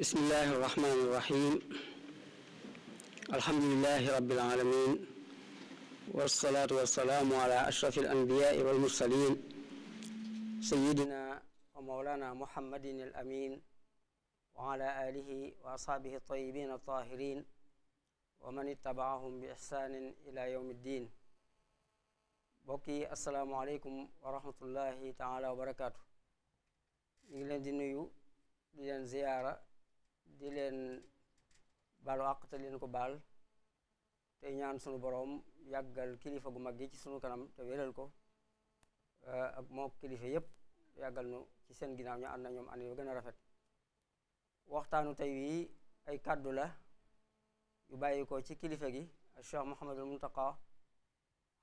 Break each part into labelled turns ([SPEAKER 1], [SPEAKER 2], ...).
[SPEAKER 1] bismillahi
[SPEAKER 2] irrahmani irrahim alhamdulilahi rabbil alamin والصلاة والسلام على أشرف الأنبياء والمرسلين سيدنا ومولانا محمد الأمين وعلى آله وأصحابه الطيبين الطاهرين ومن اتبعهم بإحسان إلى يوم الدين بوكي السلام عليكم ورحمة الله تعالى وبركاته ñu ngi leen di nuyu leen ziyaara di leen baalu àq leen ko baal tey ñaan sunu boroom yàggal kilifa gu mag gi ci sunu kanam te wéral ko eh, ak moo kilifa yépp yàggal nu ci seen ginnaaw ñu ànd na ñoom ànd yu gën a rafet waxtaanu tey wii ay kàddu la yu bàyyi ko ci kilifa gi Cheikh Mouhamadul Muntaqa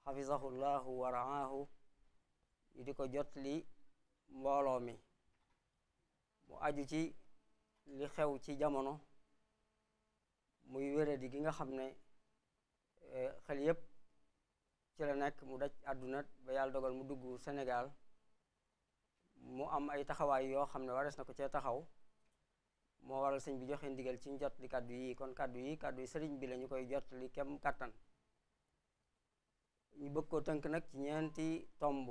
[SPEAKER 2] xafizahu llahu waraahu ñu di ko jot li mbooloo mi mu aju ci li xew ci jamono muy wéradi gi nga xam ne e, xel yépp ci la nekk mu daj àdduna ba yàlla dogal mu dugg Sénégal mu am ay taxawaay yoo xam ne warees na ko cee taxaw moo waral sëñ bi joxe ndigal ci ñu jot li kàddu yi kon kàddu yi kàddu yi sëriñ bi lañu koy jot li kem kàttan ñu bëgg ko tënk nag ci ñeenti tomb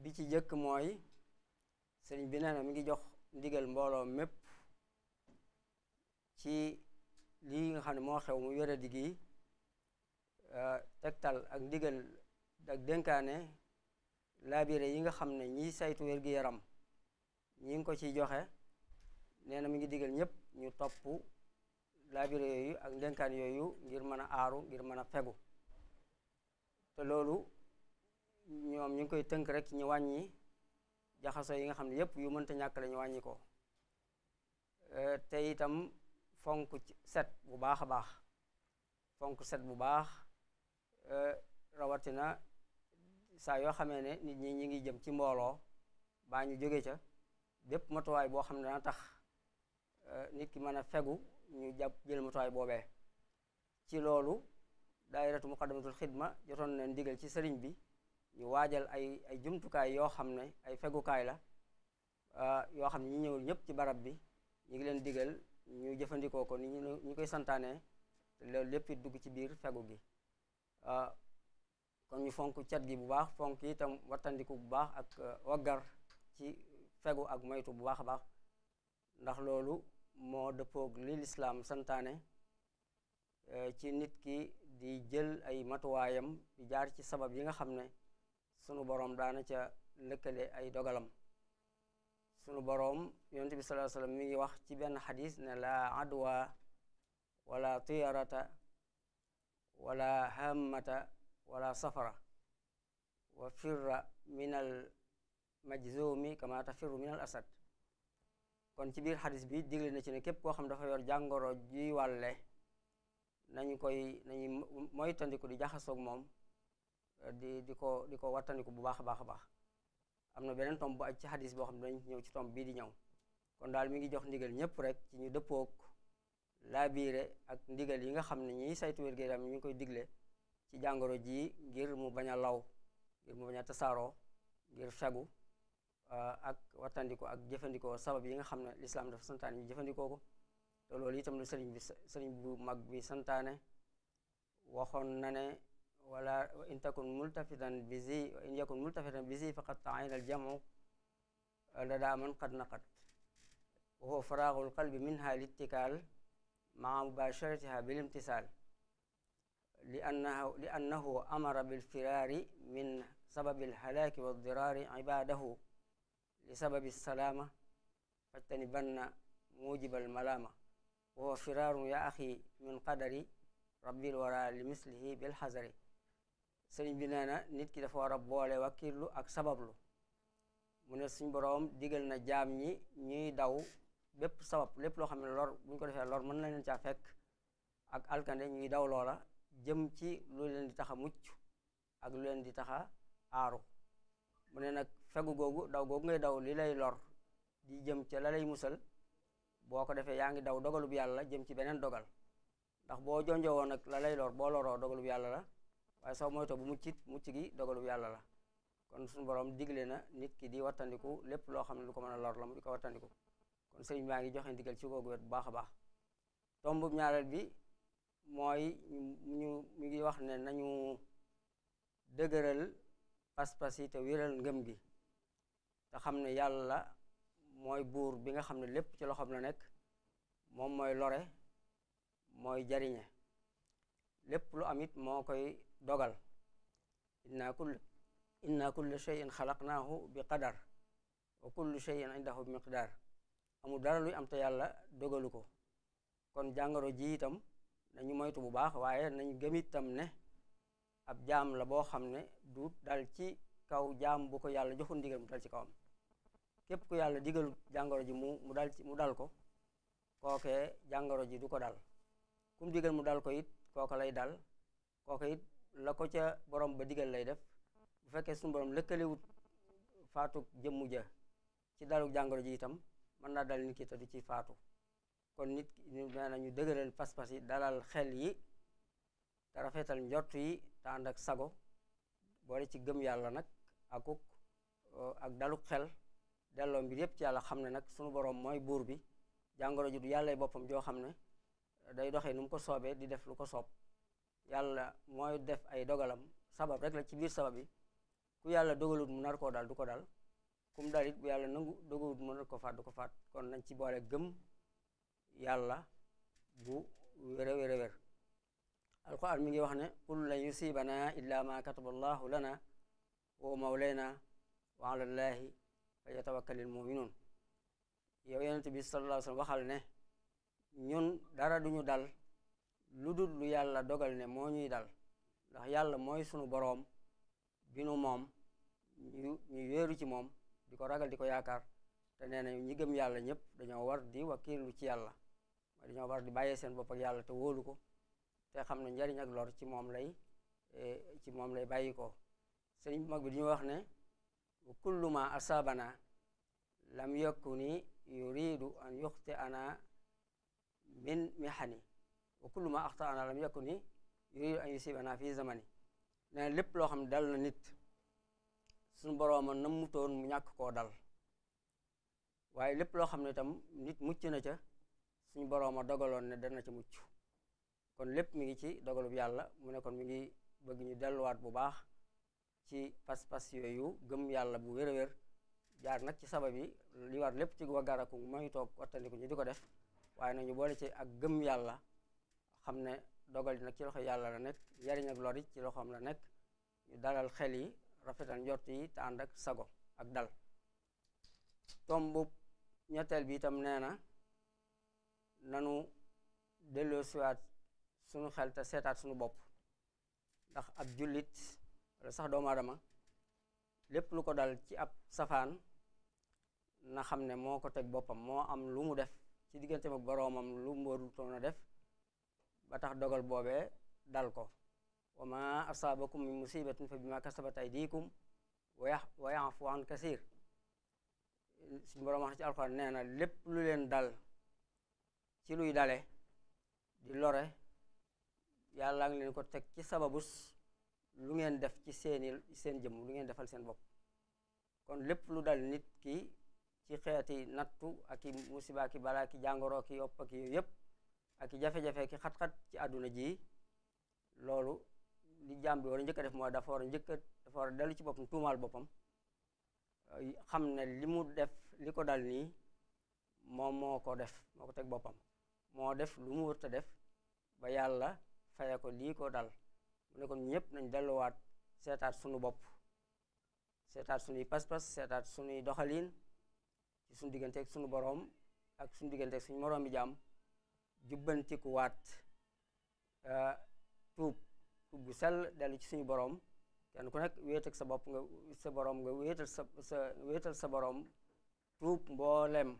[SPEAKER 2] bi ci jëkk mooy sëriñ bi nee na mi ngi jox ndigal mbooloo mépp ci lii nga xam ne moo xew mu yore di gi euh, tegtal ak ndigal ak dénkaane labire yi nga xam ne ñiy saytu wér-gi-yaram ñi ngi ko ciy joxe nee na mi ngi digal ñëpp ñu topp laabire yooyu ak dénkaan yooyu ngir mën a aaru ngir mën a fegu te loolu ñoom ñu ngi koy tënk rek ci ñu wàññi jaxaso yi nga xam ne yépp yu mënta ñàkk la ñu wàññi ko euh, te itam fonk set bu baax a baax fonk set bu baax euh, rawatina saa yoo xamee ne nit ñi ñi ngi jëm ci mbooloo baa ñu jóge ca bépp matuwaay boo xam ne dana tax euh, nit ki mën a fegu ñu jàpp jël matuwaay boobee ci loolu daayiratu muqaddamatul xidma jotoon na ndigal ci sëriñ bi ñu waajal ay ay jumtukaay yoo xam ne ay fegukaay la ah, yoo xam ne ñu ñëwul ñëpp ci barab bi ñu ngi leen diggal ñu jëfandikoo ko ni ñu ñu koy santaane loolu lépp dugg ci biir fegu gi ah, kon ñu fonk cat gi bu baax fonk itam wattandiku bu baax ak ah, waggar ci fegu ak moytu bu baax a baax ndax loolu moo dëppoog li lislaam santaane ci nit ki di jël ay matuwaayam di jaar ci sabab yi nga xam ne sunu boroom daana ca lëkkale ay dogalam sunu boroom yonent bi sallallahu alayhi wasallam mi ngi wax ci benn xadis ne laa adwa wala tiyarata wala hammata wala safara wa firra min al majzumi kama tafirru min al asad kon ci biir xadis bi digle na ci ne képp koo xam dafa yor jàngoro juy wàlle nañu koy nañu moytandiku di jaxasook moom di di ko di ko wattandiku bu baax baax a baax am na beneen tomb ak aj ci xadis boo xam ne dañ ñëw ci tomb bii di ñëw kon daal mi ngi jox ndigal ñëpp rek ci ñu dëppook laa biire ak ndigal yi nga xam ne ñiy saytu wér-gu-yaram ngi koy digle ci jàngoro ji ngir mu bañ a law ngir mu bañ a tasaaroo ngir fagu euh, ak wattandiku ak jëfandikoo sabab yi nga xam ne lislaam dafa santaane ñu jëfandikoo ko te loolu itam bi sëriñ bu mag bi santaane waxoon na ne wala wa in takun multafitan bizi wa in yakun multafitan bizi faqad taayana aljamu lada man qad naqat wa huwa faraagu alqalbi minha littikaal maa mubasharatiha bilimtisaal li annahu li annahu amara bilfiraari min sababi alhalaaki waddiraari ibaadahu li sababi salaama fajtanibanna muujibal malaama wa huwa firaaru ya axi min qadari rabbil wara li mislihi bil xasari sëriñ bi nee na nit ki dafa war a boole wakiirlu ak sabablu mu ne suñ boroom digal na jaam ñi ñuy daw bépp sabab lépp loo xam ne lor bu ñu ko defee lor mën na leen caa fekk ak alkande ñuy daw loola jëm ci lu leen di tax a mucc ak lu leen di taxa aaru mu ne nag fegu googu daw googu ngay daw li lay lor di jëm ca la lay musal boo ko defee yaa ngi daw dogalub yàlla la jëm ci beneen dogal ndax boo jonjowoo nag la lay lor boo loroo dogalub yàlla la waaye soo moytoo bu muccit mucc gi dogalu yàlla la kon suñu boroom digle na nit ki di wattandiku lépp loo xam ne lu ko mën a lor la mu di ko wattandiku kon sëriñ maa ngi joxe ndigal ci googu wet bu baax a baax tomb ñaareel bi mooy ñu mu ngi wax ne nañu dëgëral pas-pas yi te wéral ngëm gi te xam ne yàlla mooy buur bi nga xam ne lépp ci loxoom la nekk moom mooy lore mooy jariñe lépp lu am moo koy dogal inna kull inna kulla shay'in xalaqnaahu bi qadar wa kullu shay'in indahu bi miqdar amul dara luy am te yàlla dogalu ko kon jàngoro ji itam nañu moytu bu baax waaye nañ gëm itam ne ab jaam la boo xam ne du dal ci kaw jaam bu ko yàlla joxul ndigal mu dal ci kawam képp ku yàlla digal jàngoro ji mu mu dal mu dal ko kookee jàngoro ji du ko dal kum digal mu dal ko it kooka lay dal kooka it la ko ca borom ba digal lay def bu fekkee suñu borom lëkkalewut faatu jëmmu ja ci daluk jàngoro ji itam mën naa dal nit ki te du ci faatu kon nit nee na ñu dëgëral pas-pas yi dalal xel yi te rafetal njort yi te ànd ak sago boole ci gëm yàlla nag akuk eh, ak daluk xel delloo mbir yépp ci yàlla xam ne nag sunu borom mooy buur bi jàngoro ji du yàllay boppam joo xam ne day doxee nu mu ko soobee di def lu ko soob yàlla mooy def ay dogalam sabab rek la ci biir sabab yi ku yàlla dogalut mu nar ko dal du ko dal ku mu bu yàlla nangu dogalut mu nar ko fat du ko faat kon nañ ci boole gëm yàlla bu wér a wér a wér mi ngi wax ne qul lan yusibana illa ma kataba allahu lana wa mawlayna wa ala llahi falyatawakkalil muminun yow yonent bi sallallahu alayhi wa waxal ne ñun dara duñu dal lu dul lu yàlla dogal ne moo ñuy dal ndax yàlla mooy sunu boroom bi nu moom ñu ñu wéeru ci moom di ko ragal di ko yaakaar te nee na ñi gëm yàlla ñëpp dañoo war di wakiilu ci yàlla dañoo war di bàyyee seen bopp yàlla te wóolu ko te xam ne njariñ ak lor ci moom lay e, ci moom lay bàyyi ko sëriñ mag bi dañu wax ne kullu ma asaabana lam yakuni yuridu an yuxti ana min mihani wa kullu ma axtaana lam yakuni yuridu an yusibana fi zamani nee lépp loo xam ne dal na nit suñu borooma nam mu mu ñàkk koo dal waaye lépp loo xam ne tam nit mucc na ca suñu borooma dogaloon ne dana ca mucc kon lépp mi ngi ci dogalub yàlla mu ne kon mi ngi bëgg ñu delluwaat bu baax ci pas-pas yooyu gëm yàlla bu wér-wér jaar nag ci sabab yi li war lépp ci waggaraku mooy toog wattandiku ñu di ko def waaye nañu boole ci ak gëm yàlla xam ne dogal yi nag ci loxo yàlla la nekk yariñ ak lor ci loxoom la nekk ñu dalal xel yi rafetal njort yi te ànd ak sago ak dal tomb ñetteel bi itam nee na nanu delloosiwaat sunu xel te seetaat sunu bopp ndax ab jullit wala sax doomu aadama lépp lu ko dal ci ab safaan na xam ne moo ko teg boppam moo am lu mu def ci digganteem ak boroomam lu mu warutoon def ba tax dogal boobee dal ko wa ma asaabakum min musibatin fa bima kasabat aydikum wa yafu an kasir suñu boroom wax na ci alxuraan nee na lépp lu leen dal ci luy dale di lore yàlla ngi leen ko teg ci sababus lu ngeen def ci seeni seen jëmm lu ngeen defal seen bopp kon lépp lu dal nit ki ci xeeti nattu ak i musiba ki balaa ki jàngoro ki yopp ak yooyu yépp ak i jafe-jafe ki xat-xat ci àdduna ji loolu li jaam bi war a njëkk def mooy dafa war a njëkk a dafa war a dellu ci boppam tuumaal boppam xam ne li mu def li ko dal nii moom moo ko def moo ko teg boppam moo def lu mu wërta def ba yàlla faye ko lii ko dal mu ne kon ñëpp nañ delluwaat seetaat sunu bopp seetaat sunuy pas-pas seetaat sunuy doxaliin ci sunu digganteeg sunu boroom ak sunu digganteeg suñu moroomi jaam jubbantiku waat euh, tuub tuub gu sell dellu ci suñu borom kenn ku nekk wéetal sa bopp nga sa boroom nga wéetal sa sa boroom tuub mboolem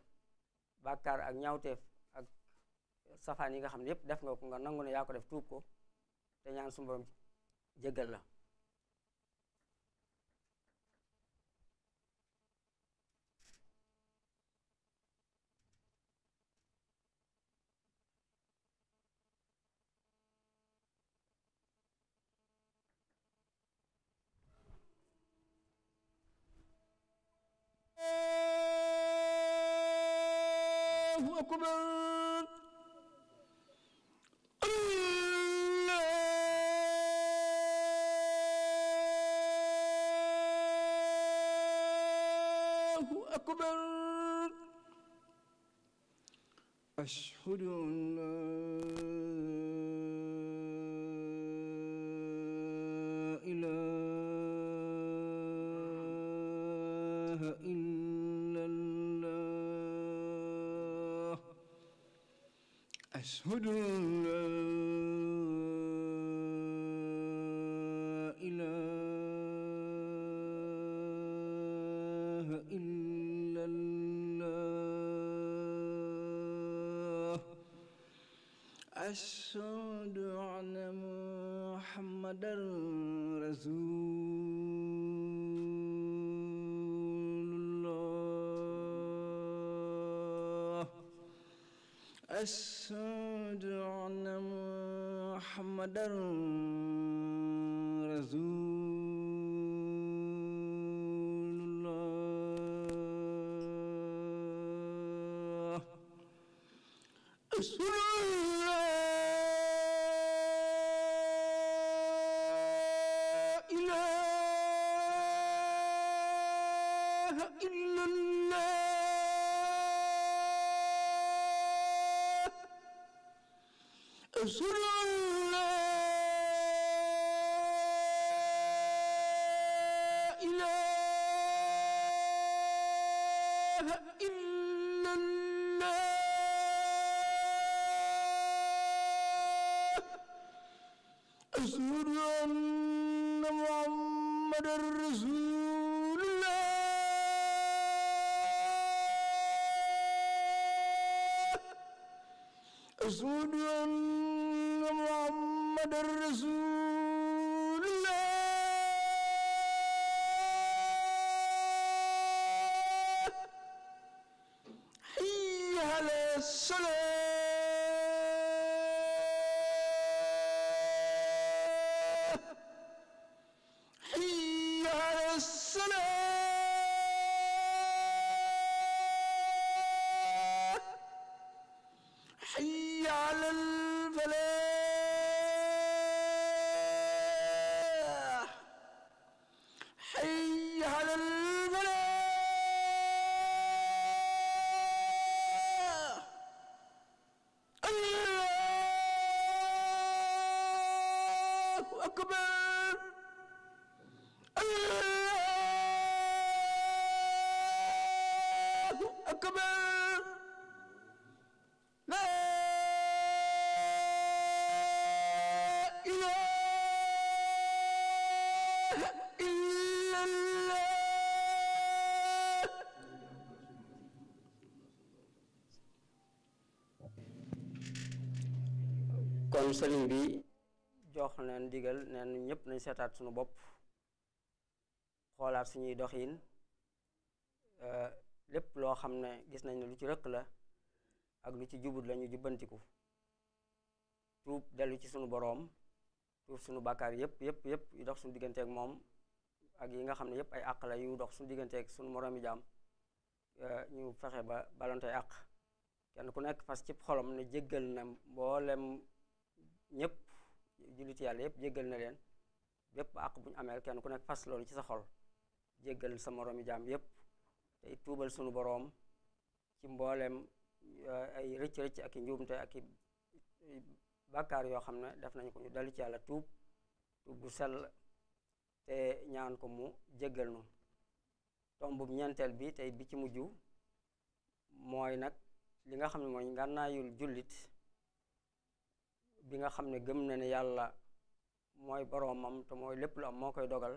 [SPEAKER 2] bàkkaar ak ñaawteef ak safaan yi nga xam ne yépp def nga ko nga nangu ne yaa ko def tuub ko te ñaan suñu boroom jéggal la أكبر
[SPEAKER 1] الله أكبر أشهد أن لا
[SPEAKER 2] إله إلا واشهدوا لا إله
[SPEAKER 1] إلا الله أشهد أن محمدا رسول وأشهد أن محمدا رسول الله أشهد أن محمدا رسول
[SPEAKER 2] kon sëriñ bi jox neen digal neen ñëpp nañ seetaat suñu bopp xoolaat suñuy doxin euh, lépp loo xam ne gis nañ ne lu ci rëkk la ak lu ci jubut la ñu jubbantiku tuub dellu ci sunu boroom tuub sunu bàkkaar yëpp yëpp yëpp yu dox suñu digganteeg moom ak yi nga xam ne yëpp ay àq la yu dox suñu digganteeg suñu moroomi jaam euh, ñu fexe ba balonte àq kenn ku nekk fas ci xolom ne jéggal na mboolem ñëpp julliti yàlla yépp jéggal na leen bépp àq bu ñu amee kenn ku nekk fas loolu ci sa xol jéggal sa moroomi jaam yépp tey tuubal sunu boroom ci mbooleem eh, ay rëcc rëcc ak i njuumte ak i bàkkaar yoo xam ne def nañu ko ñu dellu ci yàlla tuub tuub gu sell te ñaan ko mu jéggal nu tomb ñeenteel bi tey bi ci mujj mooy nag li nga xam ne mooy ngànnaayul jullit bi nga xam ne gëm na ne yàlla mooy boroomam te mooy lépp lu am moo koy dogal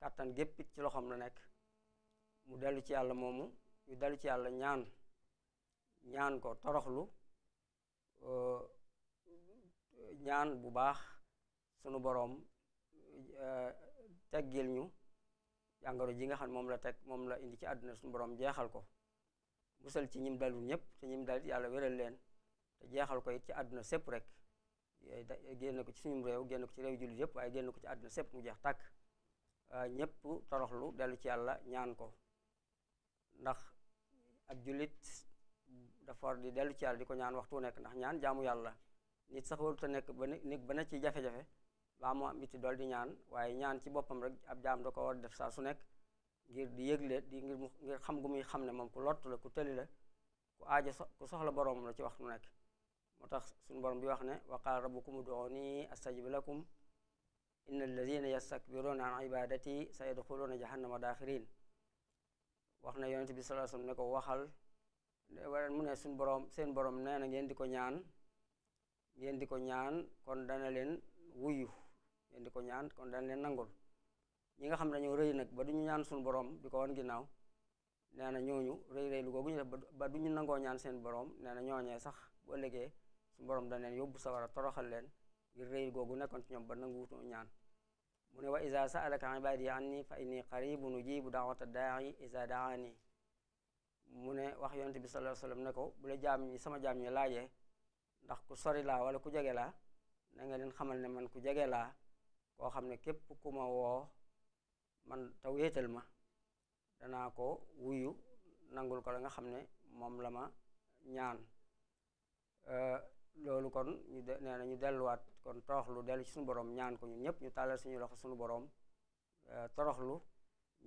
[SPEAKER 2] kàttan gépp ci loxoom la nekk mu dellu ci yàlla moomu ñu dellu ci yàlla ñaan ñaan ko toroxlu euh, ñaan bu baax sunu boroom euh, teggil ñu jàngoro ji nga xam ne moom la teg moom la indi ci àdduna suñu boroom jeexal ko musal ci ñim dalul ñëpp te ñim dalit yàlla wéral leen te jeexal ko it ci àdduna sépp rek Eh, génn ko ci suñu réew génn ko ci réew jullit yëpp waaye génn ko ci àdduna sépp mu jeex tàkk eh, ñépp toroxlu dellu ci yàlla ñaan ko ndax ab jullit dafa di dellu ci yàlla di ko ñaan waxtu nekk ndax ñaan jaamu yàlla nit sax warut nekk ba nekk ba na ci jafe-jafe baa mu am dool di ñaan waaye ñaan ci boppam rek ab jaam da ko war def saa su nekk ngir di yëgle di ngir ngir xam gu muy xam ne moom ku lott la ku tëli la ku aaja ku soxla boroomam la ci waxtu nekk moo tax suñu borom bi wax ne wa qaala rabbukum ud'uuni astajib lakum inna alladina yastakbiruuna an ibadati sa yadxuluuna jahannama daaxirin wax na yonent bi sallallahu alayhi wasallam ne ko waxal wala mu ne suñu borom seen borom nee na ngeen di ko ñaan ngeen di ko ñaan kon dana leen wuyu ngeen di ko ñaan kon dana leen nangul nga xam ne dañoo rëy nag ba duñu ñaan suñu borom di ko wan ginnaaw nee na ñooñu rëy rëy lu googu ñu def ba duñu nangoo ñaan seen borom ne na ñooñee sax bu ëllëgee su borom dana leen yóbbu sawara toroxal leen ngir réy googu nekkoon ci ñoom ba nangu wutu ñaan mu ne wax iza sa'alaka ibadi anni fa inni qaribun ujibu da'wata da'i iza da'ani mu ne wax yonent bi sallallahu alayhi wasallam ne ko bu la jaam ñi sama jaam ndax ku sori laa wala ku jege laa na leen xamal ne man ku jege laa koo xam ne képp ku ma woo man taw ma danaa ko wuyu nangul ko la nga xam ne moom la ma ñaan euh, loolu kon ñu de nee na ñu delluwaat kon toroxlu dellu ci suñu borom ñaan ko ñun ñëpp ñu tàllal suñu loxo suñu borom euh, toroxlu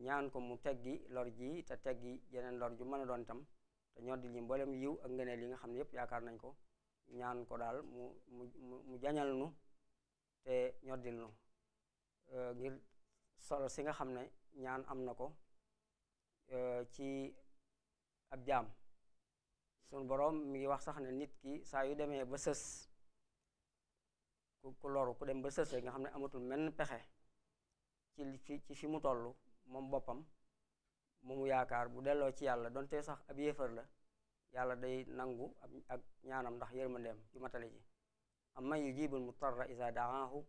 [SPEAKER 2] ñaan ko mu teggi lor ji te teggi yeneen lor ju mën a doon itam te ñoo di li mboolem yiw ak ngëneel li nga xam ne yëpp yaakaar nañ ko ñaan ko daal mu mu mu jañal nu te ñoddil nu euh, ngir solo si nga xam ne ñaan am na ko euh, ci ab jaam suñu boroom mi ngi wax sax ne nit ki saa yu demee ba sës ku ku loru ku dem ba sës rek nga xam ne amatul menn pexe ci fi ci fi mu toll moom boppam moomu yaakaar bu delloo ci yàlla doon te sax ab yéefar la yàlla day nangu ak ñaanam ndax yërmandeem ju matale ji amman yujibul mutarra iza daahu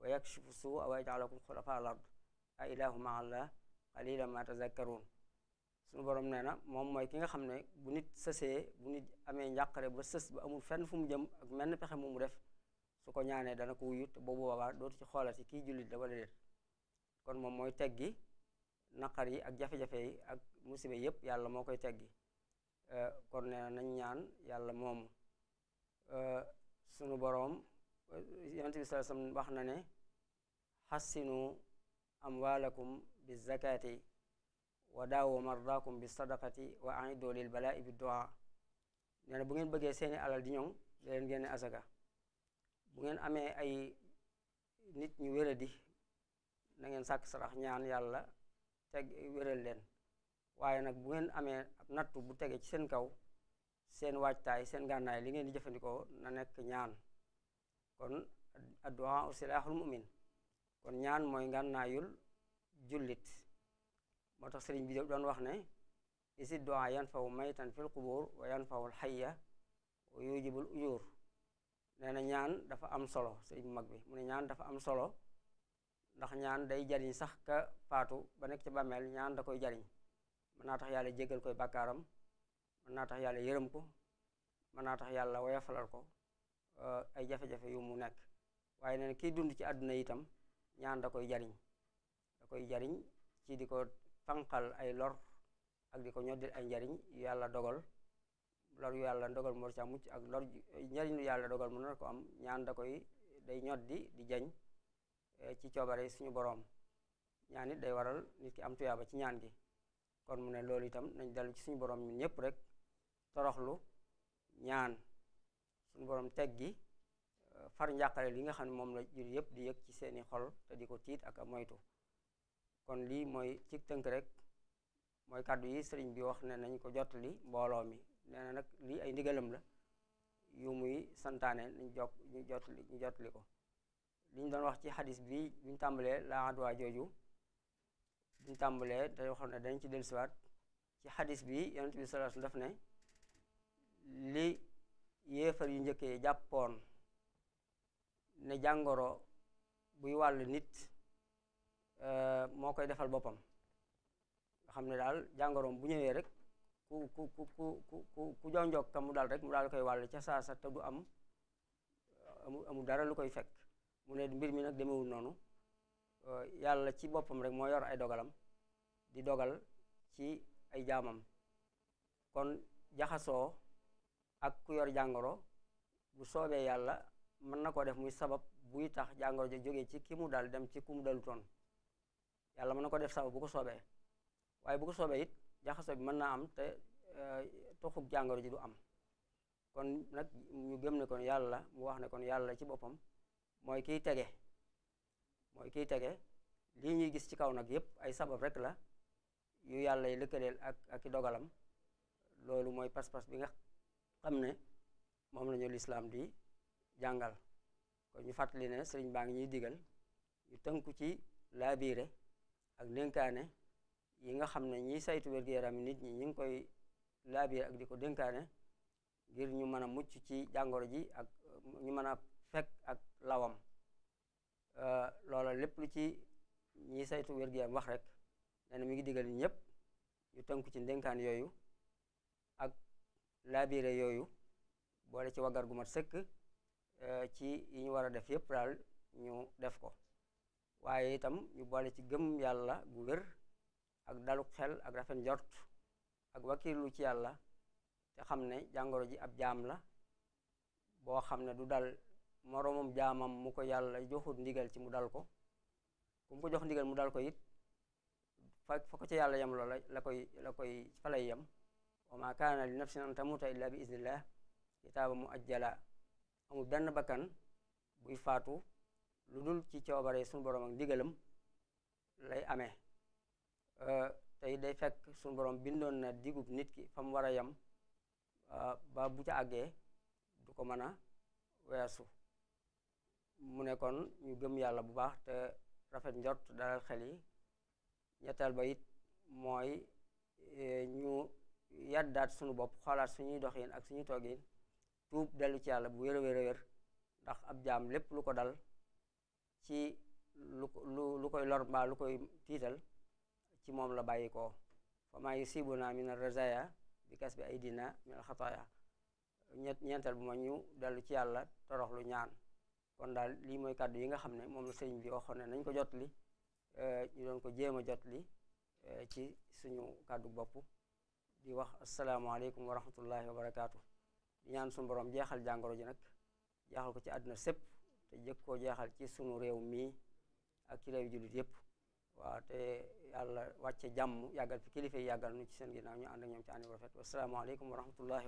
[SPEAKER 2] wa yakshifu suu wa yaj'alukum xulafa al ard a ilahu ma allah qalila ma tazakkarun suñu borom nee na moom mooy ki nga xam ne bu nit sësee bu nit amee njàqare ba sës ba amul fenn fu mu jëm ak menn pexe mu mu def su ko ñaanee dana ko wuyut boobu boobaa dootu ci xoolati kii jullit la wala moom mooy teggi naqar yi ak jafe yi ak musibe yépp yàlla moo koy teggi kon nee nañ ñaan yàlla moomu sunu boroom yonent bi sallallahu alayhi wasallam wax na ne xassinu amwaalakum bi zakaati wa daawu mardaakum bi sadaqati wa aidu lil balaa'i bi du'a nee na bu ngeen bëggee seeni alal di ñoŋ di leen bu ngeen amee ay nit ñu wéradi na ngeen sàkk sarax ñaan yàlla teg wéral leen waaye nag bu ngeen amee nattu bu tege ci seen kaw seen waajtaay seen gànnaay li ngeen di jëfandikoo na nekk ñaan kon addu'a silaaxul mu'min kon ñaan mooy ngànnaayul jullit moo tax sëriñ bi doon wax ne isi doa yan fawu maytan fil qubur wa yan fawul xayya wa yujibul uyur nee na ñaan dafa am solo sëriñ bu mag bi mu ne ñaan dafa am solo ndax ñaan day jariñ sax ka faatu ba nekk ci bàmmeel ñaan da koy jariñ mën naa tax yàlla jéggal koy bàkkaaram mën naa tax yàlla yërëm ko mën naa tax yàlla woyofalal ko eh, ay jafe-jafe yu mu nekk waaye nee na kiy dund ci àdduna itam ñaan da koy jariñ da koy jariñ ci di ko fanqal ay lor ak di ko ñoddil ay njariñ yàlla dogal lor yu yàlla dogal mu war mucc ak lor njariñ lu yàlla dogal mu nar ko am ñaan da koy day ñoddi di jañ eh, ci coobare suñu boroom ñaan it day waral nit ki am tuyaaba ci ñaan gi kon mu ne loolu itam nañ dellu ci suñu boroom ñun ñëpp rek toroxlu ñaan suñu boroom teg gi eh, far njàqare li nga xam ne moom la jur yëpp di yëg ci seeni xol te di ko tiit ak a moytu kon lii mooy ci tënk rek mooy kàddu yi sëriñ bi wax ne nañ ko jottali mbooloo mi nee nag lii ay ndigalam la yu muy santaane ñu jokk ñu jottali ko li ñu doon wax ci xadis bi buñ tàmbalee la adwa jooju ñu tàmbalee te waxoon ne dañ ci dellusiwaat ci xadis bi yonent bi sallallahu alayhi wasallam daf ne li yéefar yu njëkkee jàppoon ne jàngoro buy wàll nit Euh, moo koy defal boppam nga xam ne daal jàngoroom bu ñëwee rek ku ku ku ku ku ku jonjoog kam mu daal rek mu daal koy wàll ca saasa te du am euh, amul dara lu koy fekk mu ne mbir mi nag demewul noonu euh, yàlla ci boppam rek moo yor ay dogalam di dogal ci ay jaamam kon jaxasoo ak ku yor jàngoro bu soobee yàlla mën na koo def muy sabab buy tax jàngoro ja jógee ci ki mu dal dem ci ku mu dalutoon yàlla mën na ko def saw bu ko soobee waaye bu ko soobee it jaxasoo bi mën naa am te eh, toxug jàngoro ji du am kon nag ñu gëm ne kon yàlla mu wax ne kon yàlla ci boppam mooy kii tege mooy kiy tege lii ñuy gis ci kaw nag yëpp ay sabab rek la yu yàlla yi lëkkaleel ak ak dogalam loolu mooy pas-pas bi nga xam ne moom la ñu lislaam di jàngal kon ñu fàttali ne sëriñ baa ngi ñuy digal ñu tënku ci laabiire ak dénkaane yi nga xam ne ñiy saytu wér-gu-yaram nit ñi ñu ngi koy laabiir ak di ko dénkaane ngir ñu mën a mucc ci jàngoro ji ak ñu mën a fekk ak lawam euh, loola lépp lu ci ñiy saytu wér yaram wax rek nee na mi ngi digal ñëpp ñu tënku ci dénkaan yooyu ak laabiire yooyu boole ci waggar gu mat sëkk euh, ci yi ñu war a def yépp daal ñu def ko waaye itam ñu boole ci gëm yàlla gu wër ak dalu xel ak rafet njort ak wakiilu ci yàlla te xam ne jàngoro ji ab jaam la boo xam ne du dal moroomam jaamam mu ko yàlla joxut ndigal ci mu dal ko ku ko jox ndigal mu dal ko it fa ko ci yàlla yem loola la koy la koy fa yem wa ma kaana li nafsin an tamuta illa bi iznillah kitaaba mu ajjala amul benn bakkan buy faatu lu dul ci coobare suñu borom ak ndigalam lay amee euh, tey day fekk suñu borom bindoon na digub nit ki fa mu war a yem euh, ba bu ca àggee du ko mën a weesu mu nekkoon ñu gëm yàlla bu baax te rafet njot dalal xel yi ñetteel ba it mooy euh, ñu yàddaat suñu bopp xoolaat suñuy doxin ak suñuy toogin tuub dellu ci yàlla bu wér a wér ndax ab jaam lépp lu ko dal ci lu lu koy lor lu koy tiital ci moom la bàyyi ko fa maa yusibuna min ar-razaya bi kasbi aydina min al-xataaya ñett ñeenteel bu ma ñu dellu ci yàlla toroxlu ñaan kon daal lii mooy kàddu yi nga xam ne moom la sëñ bi waxoon ne nañ ko jot li eh, ñu doon ko jéem a jot li eh, ci suñu kàddu bopp di wax asalaamaaleykum wa rahmatullahi wa barakaatu di ñaan suñu borom jeexal jàngoro ji nag jeexal ko ci àdduna sépp te jëkk koo jeexal ci sunu réew mi ak ci réew jullit yépp waaw te yàlla wàcce jàmm yàggal fi kilifa yi yàggal nu ci seen ginnaaw ñu ànd ak ñoom ci ànd bu rafet wasalaamaaleykum wa rahmatullahi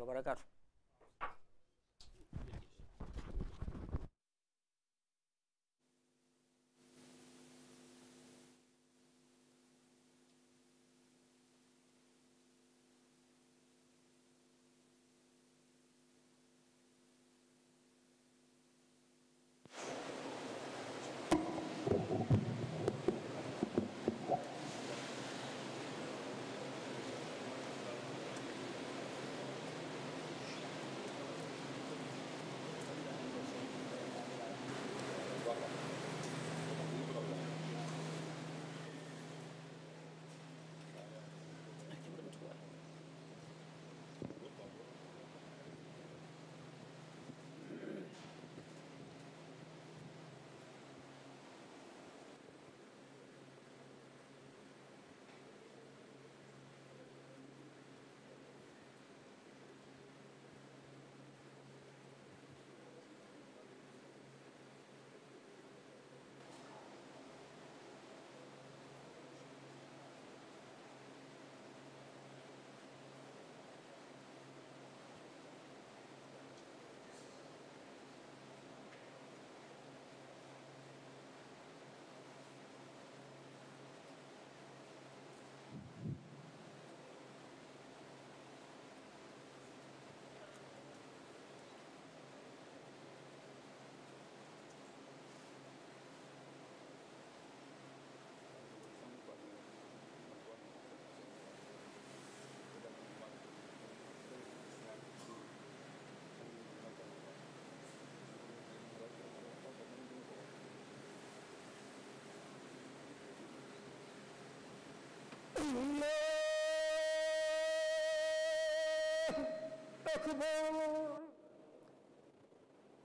[SPEAKER 1] أكبر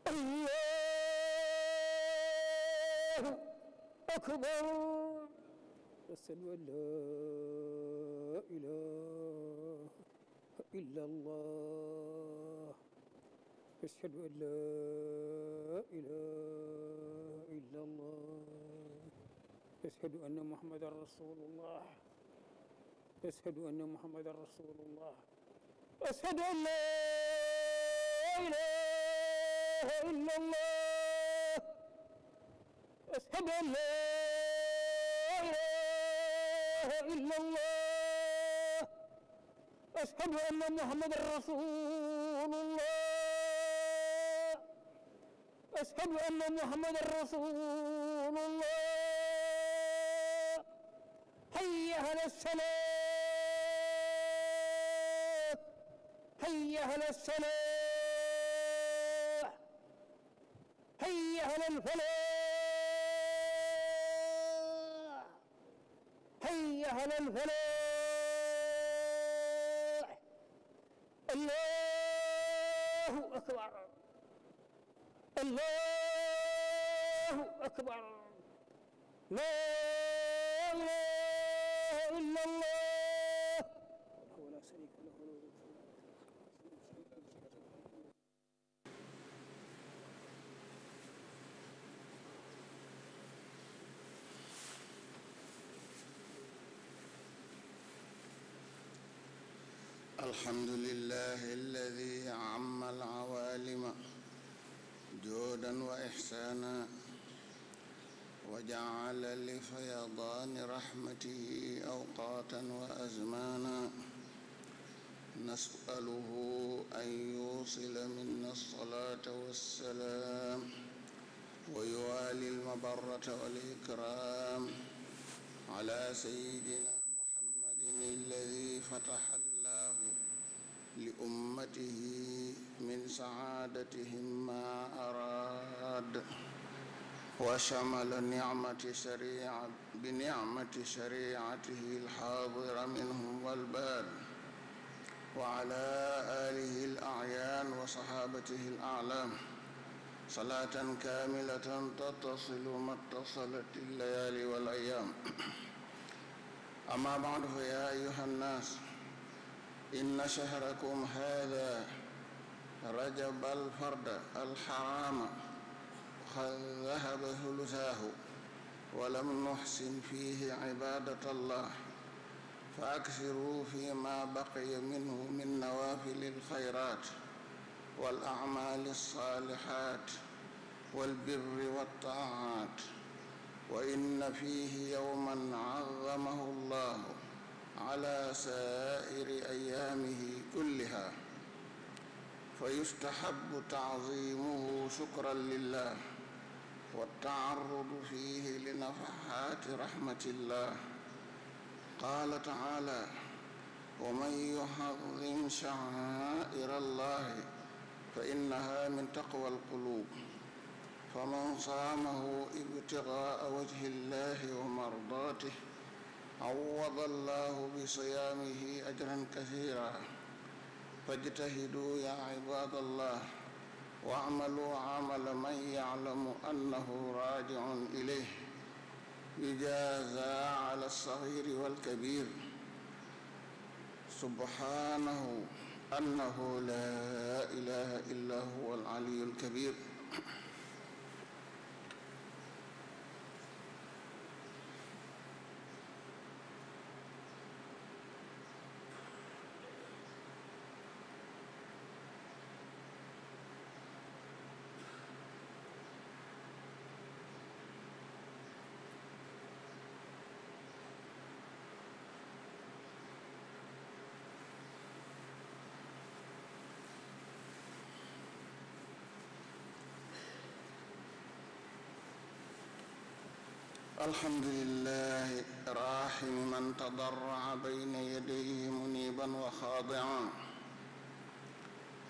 [SPEAKER 1] الله
[SPEAKER 2] أكبر أشهد أن لا إله إلا الله أشهد أن لا إله إلا الله أشهد أن محمدا رسول الله أشهد أن محمدا رسول الله
[SPEAKER 1] واشهد ان لا اله الا الله واشهد ان لا اله الا الله واشهد ان محمدا رسول الله
[SPEAKER 2] واشهد ان محمدا رسول الله
[SPEAKER 1] حي على السلام أهل الصلاة هيا على الفلاح هيا على الفلاح الله أكبر الله أكبر لا إله إلا الله الحمد لله الذي عم العوالم جودا وإحسانا وجعل لفيضان رحمته أوقاتا وأزمانا نسأله أن يوصل منا الصلاة والسلام ويوالي المبرة والإكرام على سيدنا محمد الذي فتح لأمته من سعادتهم ما أراد وشمل نعمة شريعة بنعمة شريعته الحاضر منهم والباد وعلى آله الأعيان وصحابته الأعلام صلاة كاملة تتصل ما اتصلت الليالي والأيام أما بعد يا أيها الناس إن شهركم هذا رجب الفرد الحرام قد ذهب ثلثاه ولم نحسن فيه عبادة الله فأكثروا فيما بقي منه من نوافل الخيرات والأعمال الصالحات والبر والطاعات وإن فيه يوما عظمه الله على سائر أيامه كلها فيستحب تعظيمه شكرا لله والتعرض فيه لنفحات رحمة الله قال تعالى ومن يحظم شعائر الله فإنها من تقوى القلوب فمن صامه ابتغاء وجه الله ومرضاته عوض الله بصيامه أجرا كثيرا فاجتهدوا يا عباد الله واعملوا عمل من يعلم أنه راجع إليه يجازى على الصغير والكبير سبحانه أنه لا إله إلا هو العلي الكبير الحمد لله راحم من تضرع بين يديه منيبا وخاضعا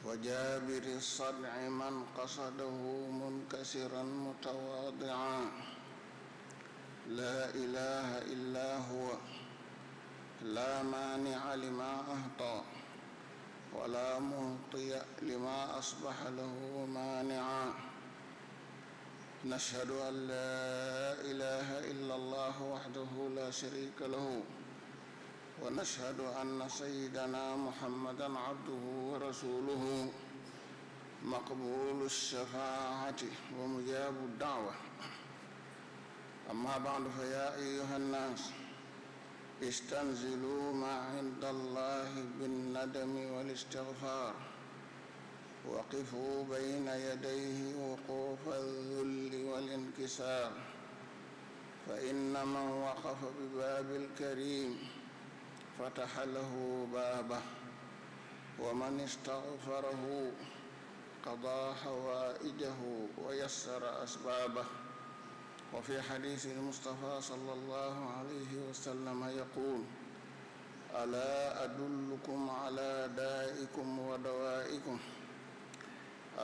[SPEAKER 1] وجابر الصدع من قصده منكسرا متواضعا لا إله إلا هو لا مانع لما أعطى ولا معطي لما أصبح له مانعا نشهد أن لا إله لا شريك له ونشهد أن سيدنا محمدا عبده ورسوله مقبول الشفاعة ومجاب الدعوة أما بعد فيا أيها الناس استنزلوا ما عند الله بالندم والاستغفار وقفوا بين يديه وقوف الذل والانكسار فإن من وقف بباب الكريم فتح له بابه ومن استغفره قضى حوائجه ويسر أسبابه وفي حديث المصطفى صلى الله عليه وسلم يقول ألا أدلكم على دائكم ودوائكم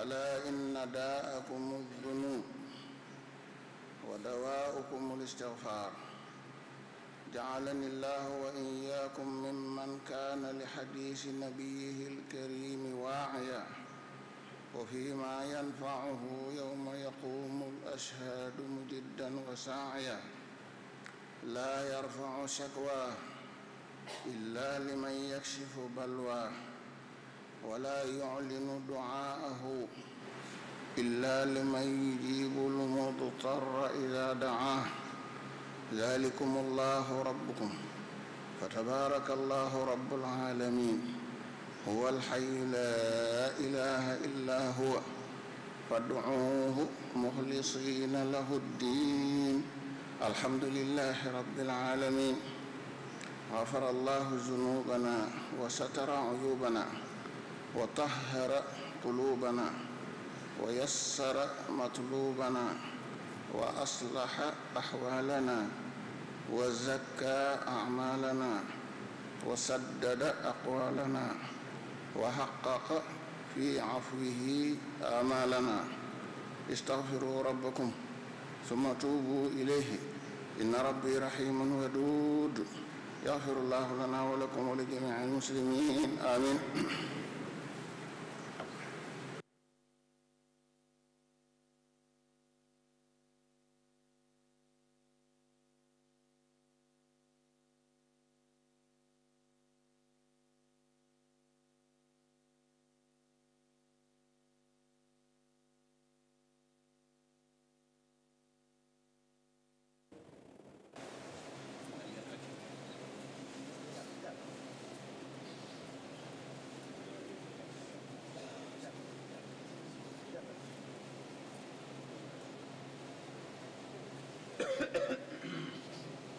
[SPEAKER 1] ألا إن داءكم الذنوب ودواؤكم الاستغفار جعلني الله وإياكم ممن كان لحديث نبيه الكريم واعيا وفيما ينفعه يوم يقوم الأشهاد مجدا وساعيا لا يرفع شكواه إلا لمن يكشف بلواه ولا يعلن دعاءه إلا لمن يجيب المضطر إذا دعاه ذلكم الله ربكم فتبارك الله رب العالمين هو الحي لا إله إلا هو فادعوه مخلصين له الدين الحمد لله رب العالمين غفر الله ذنوبنا وستر عيوبنا وطهر قلوبنا ويسر مطلوبنا وأصلح أحوالنا وزكى أعمالنا وسدد أقوالنا وحقق في عفوه آمالنا استغفروا ربكم ثم توبوا إليه إن ربي رحيم ودود يغفر الله لنا ولكم ولجميع المسلمين آمين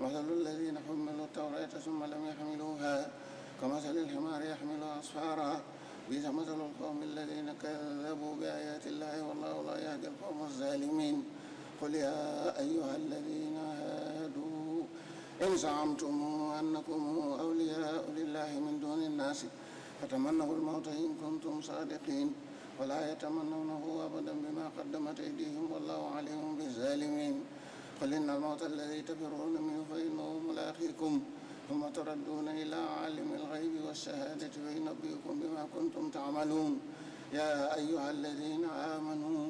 [SPEAKER 1] مثل الذين حملوا التوراة ثم لم يحملوها كمثل الحمار يحمل أسفارا بئس مثل القوم الذين كذبوا بآيات الله والله لا يهدي القوم الظالمين قل يا أيها الذين هادوا إن زعمتم أنكم أولياء لله من دون الناس فتمنوا الموت إن كنتم صادقين ولا يتمنونه أبدا بما قدمت أيديهم والله عليم بالظالمين قل إن الموت الذي تفرون منه فإنه ملاقيكم ثم تردون إلى عالم الغيب والشهادة فينبئكم بما كنتم تعملون يا أيها الذين آمنوا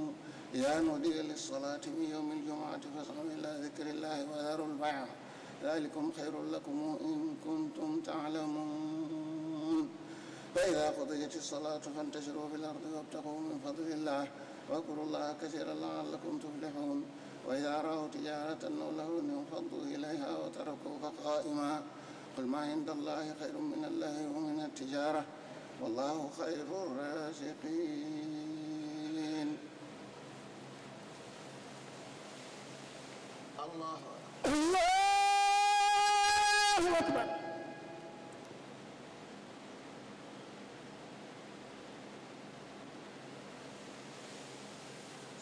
[SPEAKER 1] يا نودي للصلاة من يوم الجمعة فاسعوا إلى ذكر الله وذروا البيع ذلكم خير لكم إن كنتم تعلمون فإذا قضيت الصلاة فانتشروا في الأرض وابتغوا من فضل الله واذكروا الله كثيرا لعلكم تفلحون وإذا رأوا تجارة أو لهوا انفضوا إليها وتركوك قائما قل ما عند الله خير من الله ومن التجارة والله خير الرازقين الله الله أكبر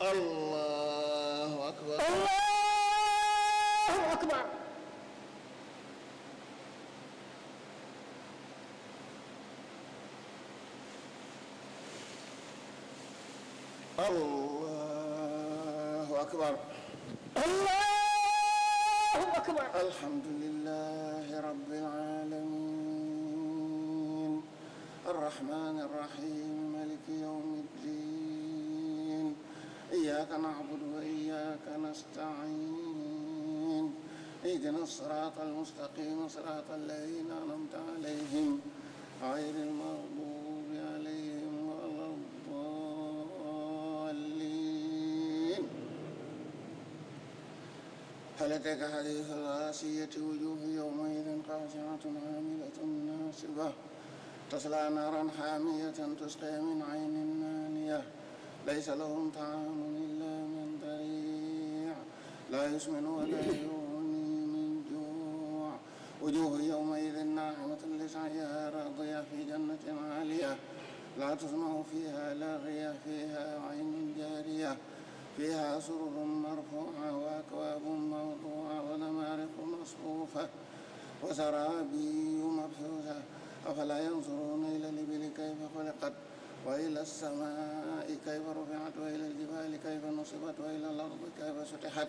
[SPEAKER 1] allahu akbar allahu akbar allahu akbar allahu akbar alhamdulillahi rabbil alamin arrahmani arrahim إياك نعبد وإياك نستعين اهدنا الصراط المستقيم صراط الذين أنعمت عليهم غير المغضوب عليهم ولا الضالين هل أتاك حديث الغاشية وجوه يومئذ خاشعة عاملة ناصبة تصلى نارا حامية تسقى من عين آنية ليس لهم طعام لا يسمن ولا يغني من جوع وجوه يومئذ ناعمة لسعيها راضية في جنة عالية لا تسمع فيها لاغية فيها عين جارية فيها سرر مرفوعة وأكواب موضوعة ونمارق مصفوفة وسرابي مبثوثة أفلا ينظرون إلى الإبل كيف خلقت وإلى السماء كيف رفعت وإلى الجبال كيف نصبت وإلى الأرض كيف سطحت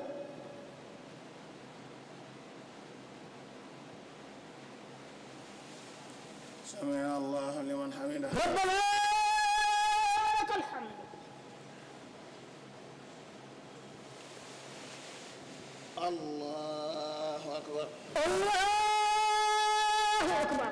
[SPEAKER 1] سمع الله لمن حمده ربنا لك الحمد الله أكبر الله أكبر